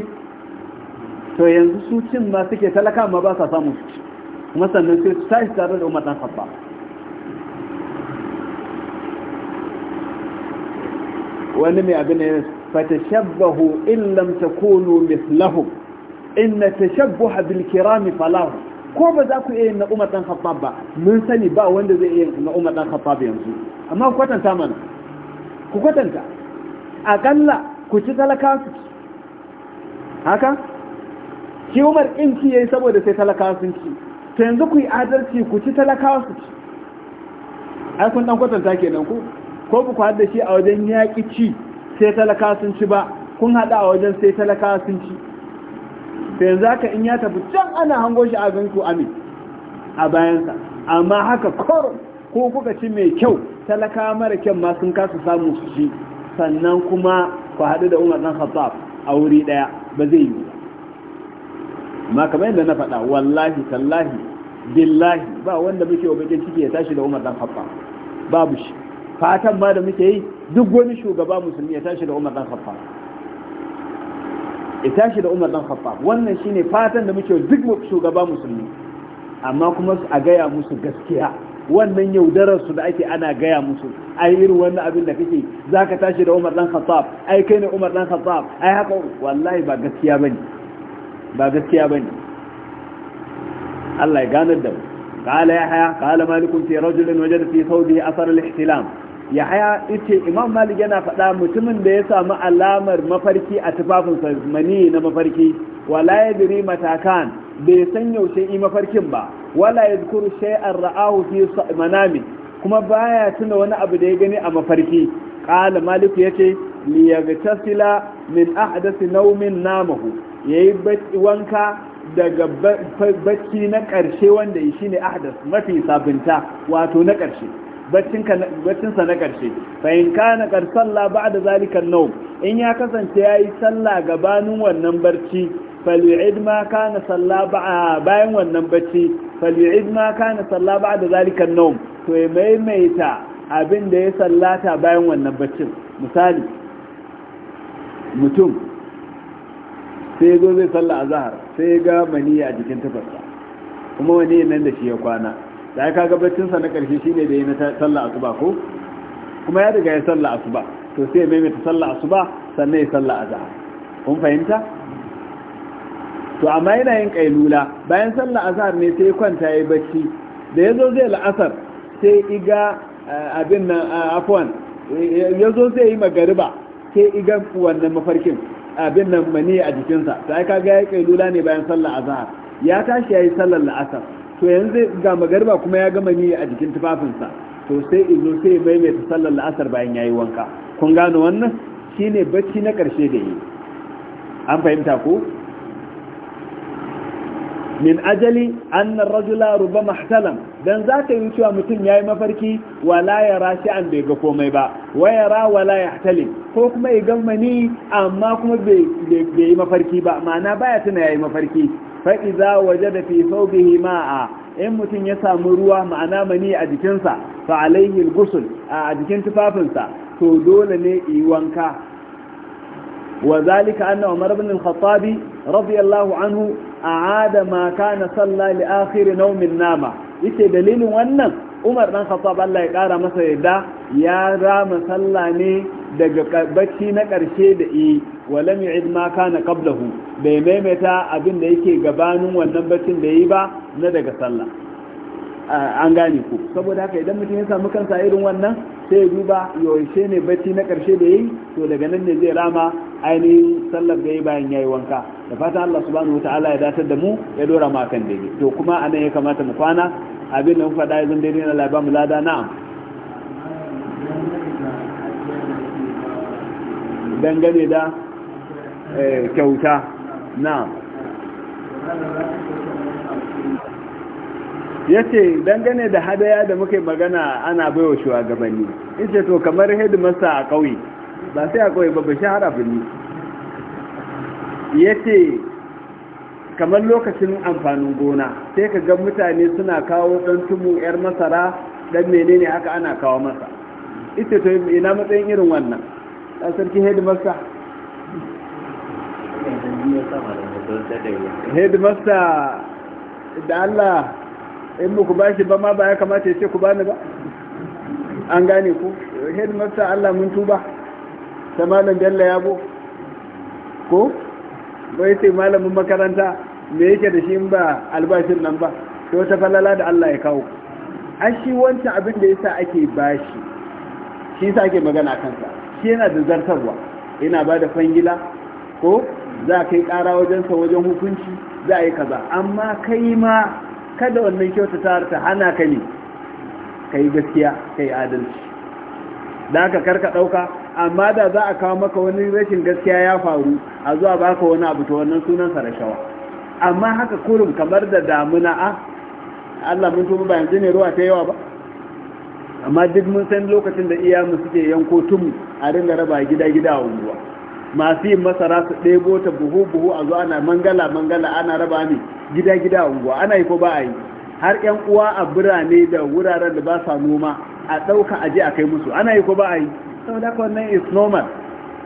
to yanzu su cin ma suke talaka ma ba sa samun su kuma sannan sai su tashi tare da umar ɗan sabba wani mai abin ne fata shabbahu in lam kono mislahu in na tashabbuha bil kirami falahu ko ba za ku iya na Umar dan Khattab ba mun sani ba wanda zai iya na Umar dan Khattab yanzu amma ku kwatanta mana ku kwatanta akalla ku ci talaka su haka ki Umar din ki yayi saboda sai talaka sun ki to yanzu ku yi adalci ku ci talaka su ai kun dan kwatanta kenan ku ko ku hada shi a wajen yaki ci sai talaka sun ci ba kun hada a wajen sai talaka sun ci sai za ka in ya tafi can ana hango shi a ganku amin a bayansa amma haka koron ko kuka ci mai kyau talaka mara kyan ma sun kasa samun su ci sannan kuma ku haɗu da umar ɗan khattab a wuri ɗaya ba zai yi ba amma kamar yadda na faɗa wallahi tallahi billahi ba wanda muke wa bakin ciki ya tashi da umar ɗan khattab babu shi fatan ma da muke yi duk wani shugaba musulmi ya tashi da umar ɗan khattab ya tashi da Umar dan Khattab wannan shine fatan da muke duk shugaba musulmi amma kuma a gaya musu gaskiya wannan yaudarar su da ake ana gaya musu ai irin wannan abin da kake zaka tashi da Umar dan Khattab ai kai ne Umar dan Khattab ai haka wallahi ba gaskiya bane ba gaskiya bane Allah ya ganar da mu قال يحيى قال مالك في رجل وجد في ثوبه أثر الاحتلام ya haya ita imam malik yana faɗa mutumin da ya samu alamar mafarki a tufafin mani na mafarki wala ya diri matakan bai san yaushe yi mafarkin ba wala ya zukuru shay'an ra'ahu fi manami kuma baya tuna wani abu da ya gani a mafarki qala malik yace li sila min ahdasi naumin namahu yayi wanka daga bacci na ƙarshe wanda shi ne ahdas mafi sabunta wato na ƙarshe baccinsa na ƙarshe fahim kana ƙarsalla ba da zalikan nau in ya kasance ya yi salla gabanin wannan barci falwi'id ma kana salla bayan wannan barci falwi'id ma kana salla ba da zalikan nau to ya maimaita abin da ya sallata bayan wannan barcin misali mutum sai zo zai salla a zahar sai ga maniya a jikin tafarsa kuma wani nan da shi ya kwana da ya kaga baccinsa na ƙarshe shine da ya na sallah asuba ko kuma ya riga ya sallah asuba to sai ya maimaita sallah asuba sannan ya sallah azhar kun fahimta to amma yana yin kailula bayan sallah azhar ne sai kwanta yayi bacci da yazo zai la'asar sai iga eh, abin nan eh, afwan yazo zai yi magariba sai iga wannan mafarkin abin nan mani a jikinsa sai kaga yayi kailula ne bayan sallah azhar ya tashi yayi sallar la'asar to yanzu ga magarba kuma ya gama ni a jikin tufafinsa to sai izo sai ya maimaita sallar la'asar bayan ya yi wanka kun gano wannan shine bacci na ƙarshe da yi an fahimta ko min ajali annar rajula ruba mahtalam dan za ka yi cewa mutum ya yi mafarki wala ya rashi an bai ga komai ba waya ra wala ya ko kuma ya gama amma kuma bai yi mafarki ba ma'ana baya tuna ya yi mafarki fa'iza waje da fi saubihi ma'a in mutum ya samu ruwa ma'ana mani a jikinsa fa alaihi gusul a jikin tufafinsa to dole ne iwanka. wanka wa zalika anna umar ibn al radiyallahu anhu a'ada ma kana salla li akhir nawmin nama yace dalilin wannan umar dan khattab Allah ya kara masa yadda ya rama salla ne daga bacci na ƙarshe da e walam yu'id ma kana qablahu bai maimaita abin da yake gabanin wannan baccin da yi ba na daga sallah an gane ku saboda haka idan mutum ya samu kansa irin wannan sai ya duba yaushe ne bacci na ƙarshe da yi to daga nan ne zai rama ainihin sallar da yi bayan yayi wanka da fatan Allah subhanahu wataala ya datar da mu ya dora mu kan daidai to kuma anan ya kamata mu kwana abin da mu faɗa ya zan daidai na labar mu lada na'am dangane da eh, kyauta na ya ce dangane da hadaya da muka magana ana baiwa shugabanni ita to kamar hedimasta a ƙauye ba sai a ƙauye ba bashi harafin ne ya ce kamar lokacin amfanin gona sai ka ga mutane suna kawo ɗan tumu 'yar masara don menene haka ana kawo masa ita to ina matsayin irin wannan a sarki headmaster headmaster da Allah in muku ba shi ba ma ba ya kamata ya ce ku bani ba an gane ku headmaster Allah mun tuba ta malam Bello yabo ko bai sai malamin makaranta me yake da shi ba albashin nan ba to ta falala da Allah ya kawo an shi wancan abin da yasa ake bashi shi sa ake magana kansa shi yana da zartarwa yana ba da fangila ko za a kai ƙara wajensa wajen hukunci za a yi kaza amma ka yi ma kada wannan kyautata ta hana ka ne ka yi gaskiya ka yi adalci da aka karka ɗauka amma da za a kawo maka wani rashin gaskiya ya faru a zuwa ba ka wani abu ta wannan sunansa rashawa amma haka kurum kamar da damuna a ah, Allah mun tuba bayan ne ruwa ta yawa ba amma duk mun san lokacin da iyamu suke yanko tumu a ringa raba gida-gida a unguwa masu yin masara su ɗebo ta buhu-buhu a zo ana mangala-mangala ana raba ne gida-gida a unguwa ana yi ko ba a yi har 'yan uwa a birane da wuraren da ba sa noma a ɗauka aje a kai musu ana yi ko ba a yi saboda haka wannan is normal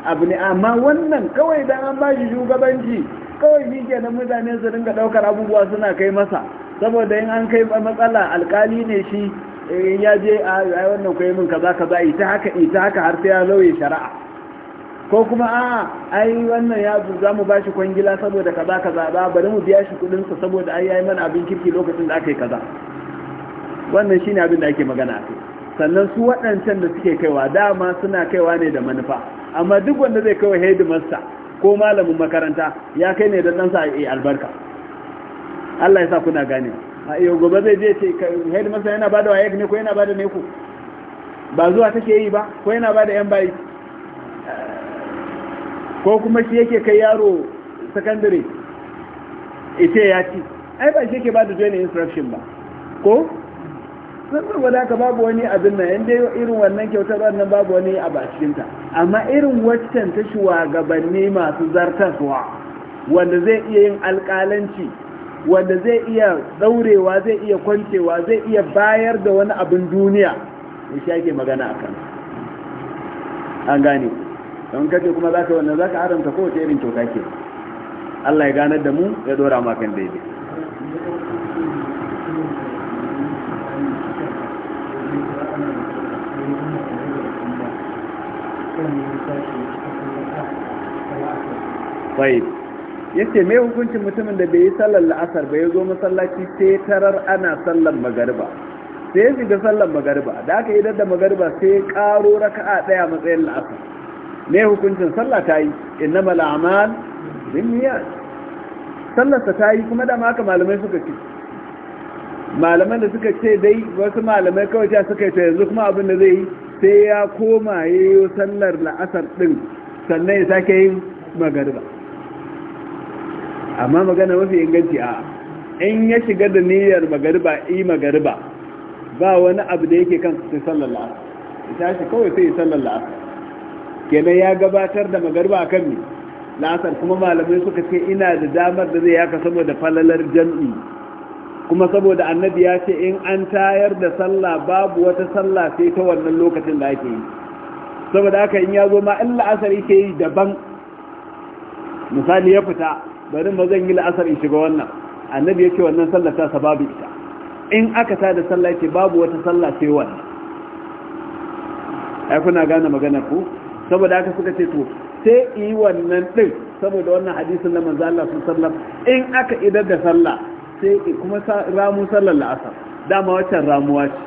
abu ne amma wannan kawai dan an bashi shugabanci kawai shi ke mutane su ringa ɗaukar abubuwa suna kai masa saboda in an kai matsala alkali ne shi in ya je a yi wannan kwaye min kaza kaza ita haka ita haka har sai ya lauye shari'a ko kuma a ai wannan ya za mu shi kwangila saboda kaza kaza ba bari mu biya shi kudin sa saboda ai yi mana abin kirki lokacin da aka yi kaza wannan shine abin da ake magana akai sannan su waɗancan da suke kaiwa dama suna kaiwa ne da manufa amma duk wanda zai kai kaiwa hedimasta ko malamin makaranta ya kai ne da ɗansa a albarka Allah ya sa kuna gane a iya gobe zai je ce haidu masa yana da waye ne ko yana ba da neko ba zuwa take yi ba ko yana da yan bayi ko kuma shi yake kai yaro secondary ita ya ci ai ba shi yake bada joining instruction ba ko sun zurba da aka babu wani abin nan yadda irin wannan kyautar wannan babu wani a bakinta amma irin waccan ta gabanni masu zartaswa wanda zai iya yin alƙalanci wanda zai iya zaurewa zai iya kwancewa zai iya bayar da wani abin duniya ya shi ake magana a kan an gane don kake kuma za ka wanda za ka haramta kowace irin kyauta ke Allah ya ganar da mu ya dora makon daidai طيب yace me hukuncin mutumin da bai yi sallar la'asar ba ya zo masallaci sai tarar ana sallar magariba sai yin shiga sallar magariba da aka idan da magariba sai karo karo raka'a daya matsayin la'asar me hukuncin sallar ta yi mala'amal a'mal binniyat sallar ta yi kuma da haka malamai suka ce malaman da suka ce dai wasu malamai kawai ta suka ce yanzu kuma abin da zai yi sai ya koma ya yi sallar la'asar din sannan ya sake yin magariba amma magana mafi inganci a in ya shiga da niyyar magariba yi magariba ba wani abu da yake kan sai sallallahu ya tashi kawai sai sallallahu kenan ya gabatar da magariba akan ne la'asar kuma malamai suka ce ina da damar da zai yaka saboda falalar jam'i kuma saboda annabi ya ce in an tayar da sallah babu wata sallah sai ta wannan lokacin da ake yi saboda haka in ya zo ma in la'asar yake yi daban misali ya fita bari zan yi la'asar in shiga wannan annabi yake wannan sallar ta sababu ita in aka ta da sallah yake babu wata sallah sai wannan ai kuna gane magana ku saboda aka suka ce to sai yi wannan din saboda wannan hadisin na manzo Allah sallallahu in aka idar da sallah sai kuma ramu sallar la'asar dama waccan ramuwa ce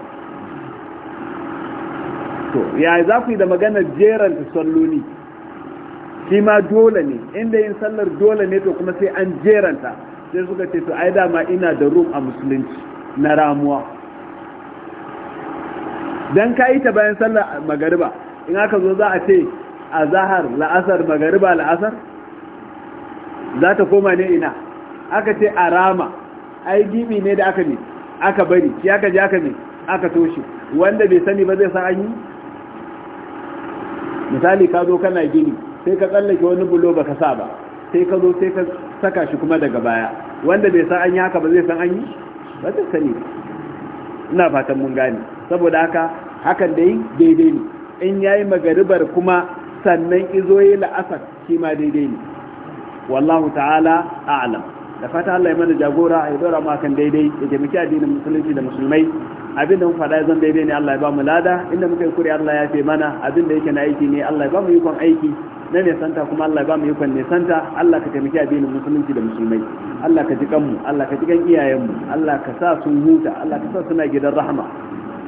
to ya za ku yi da maganar jeranta salloli shi ma dole ne inda yin sallar dole ne to kuma sai an jeranta sai suka ce to ai dama ina da rum a musulunci na ramuwa dan ka yi ta bayan sallar magariba in aka zo za a ce a zahar la'asar magariba la'asar za ta koma ne ina aka ce a rama ai gibi ne da aka ne aka bari shi aka ji aka ne aka toshe wanda bai sani ba zai sa an yi misali ka zo kana gini sai ka tsallake wani bulo ba ka sa ba sai ka zo sai ka saka shi kuma daga baya wanda bai san an yi haka ba zai san an yi ba zai sani ina fatan mun gane saboda haka hakan da yi daidai ne in yayi magaribar kuma sannan izo yi la'asar shi ma daidai ne wallahu ta'ala a'lam da fata Allah ya mana jagora a dora ma akan daidai ya taimaki addinin musulunci da musulmai abin da mun faɗa zan daidai ne Allah ya ba mu lada inda muka yi kuri Allah ya fe mana abin da yake na aiki ne Allah ya ba mu ikon aiki na nesanta kuma Allah ba mu yukon nesanta Allah ka taimaki addinin musulunci da musulmai Allah ka ji kanmu Allah ka ji kan iyayenmu Allah ka sa sun huta Allah ka sa suna gidan rahama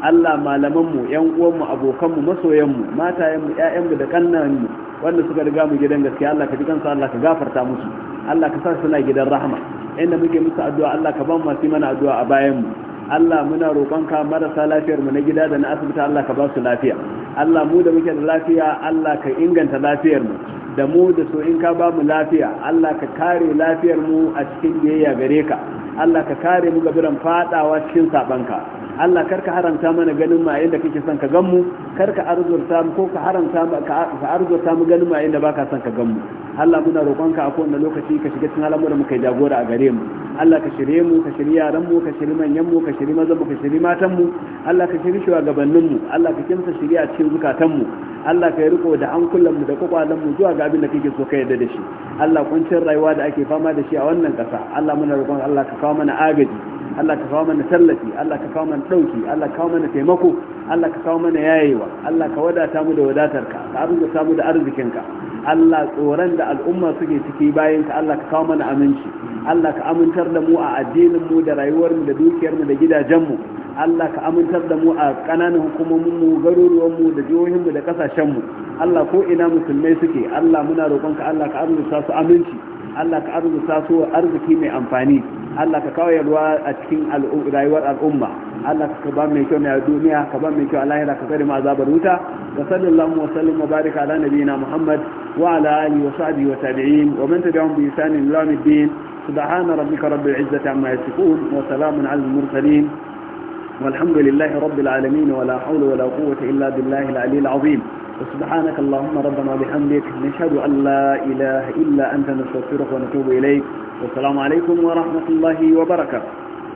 Allah malamanmu yan'uwanmu abokanmu masoyanmu matayenmu ƴaƴanmu da kannanmu wanda suka riga mu gidan gaskiya Allah ka ji kansu Allah ka gafarta musu Allah ka sa suna gidan rahama inda muke musu addu'a Allah ka ba mu masu mana addu'a a bayanmu Allah muna roƙonka marasa lafiyar mu na gida da na asibiti Allah ka ba su lafiya Allah mu da muke da lafiya Allah ka inganta lafiyar mu da mu da so in ka ba mu lafiya Allah ka kare lafiyar mu a cikin biyayya gare ka Allah ka kare mu gaburan fadawa cikin sabanka Allah kar ka haramta mana ganin ma yadda kake son ka gan mu kar ka arzurta mu ko ka haramta ka arzurta mu ganin ma yadda baka son ka gan mu Allah muna roƙonka a kowane lokaci ka shiga cikin al'amura mu kai jagora a gare mu Allah ka shirye mu ka shirye yaran mu ka shirye manyan mu ka shirye mazan mu ka shirye matan mu Allah ka shirye shugabannin mu Allah ka kimsa shirye a cikin zukatan mu Allah ka yi riko da an kullum mu da kwakwalan mu zuwa ga abin da kake so ka yarda da shi Allah Kwanciyar rayuwa da ake fama da shi a wannan ƙasa Allah muna roƙon Allah ka kawo mana agaji Allah ka kawo mana tallafi Allah ka kawo mana ɗauki Allah ka kawo mana taimako Allah ka kawo mana yayewa Allah ka wadata mu da wadatarka ka arzuta mu da arzikinka Allah tsoron da al'umma suke ciki bayan ka Allah ka kawo mana aminci Allah ka amintar da mu a addinin mu da rayuwar mu da dukiyar mu da gidajen mu Allah ka amintar da mu a kananan hukumomin mu garuruwan mu da jihohin mu da kasashen mu Allah ko ina musulmai suke Allah muna roƙon ka Allah ka arzuta su aminci Allah ka arzuta su arziki mai amfani Allah ka kawo yalwa a cikin rayuwar al'umma Allah ka ba mai kyau na duniya ka ba mai kyau a lahira ka kare ma azabar wuta wa sallallahu wa sallam wa barika ala nabiyina Muhammad wa ala alihi wa sahbihi wa tabi'in wa man tabi'ahum bi ihsan ila yawm الدين سبحان ربك رب العزة عما يصفون وسلام على المرسلين والحمد لله رب العالمين ولا حول ولا قوة إلا بالله العلي العظيم وسبحانك اللهم ربنا وبحمدك نشهد أن لا إله إلا أنت نستغفرك ونتوب إليك والسلام عليكم ورحمة الله وبركاته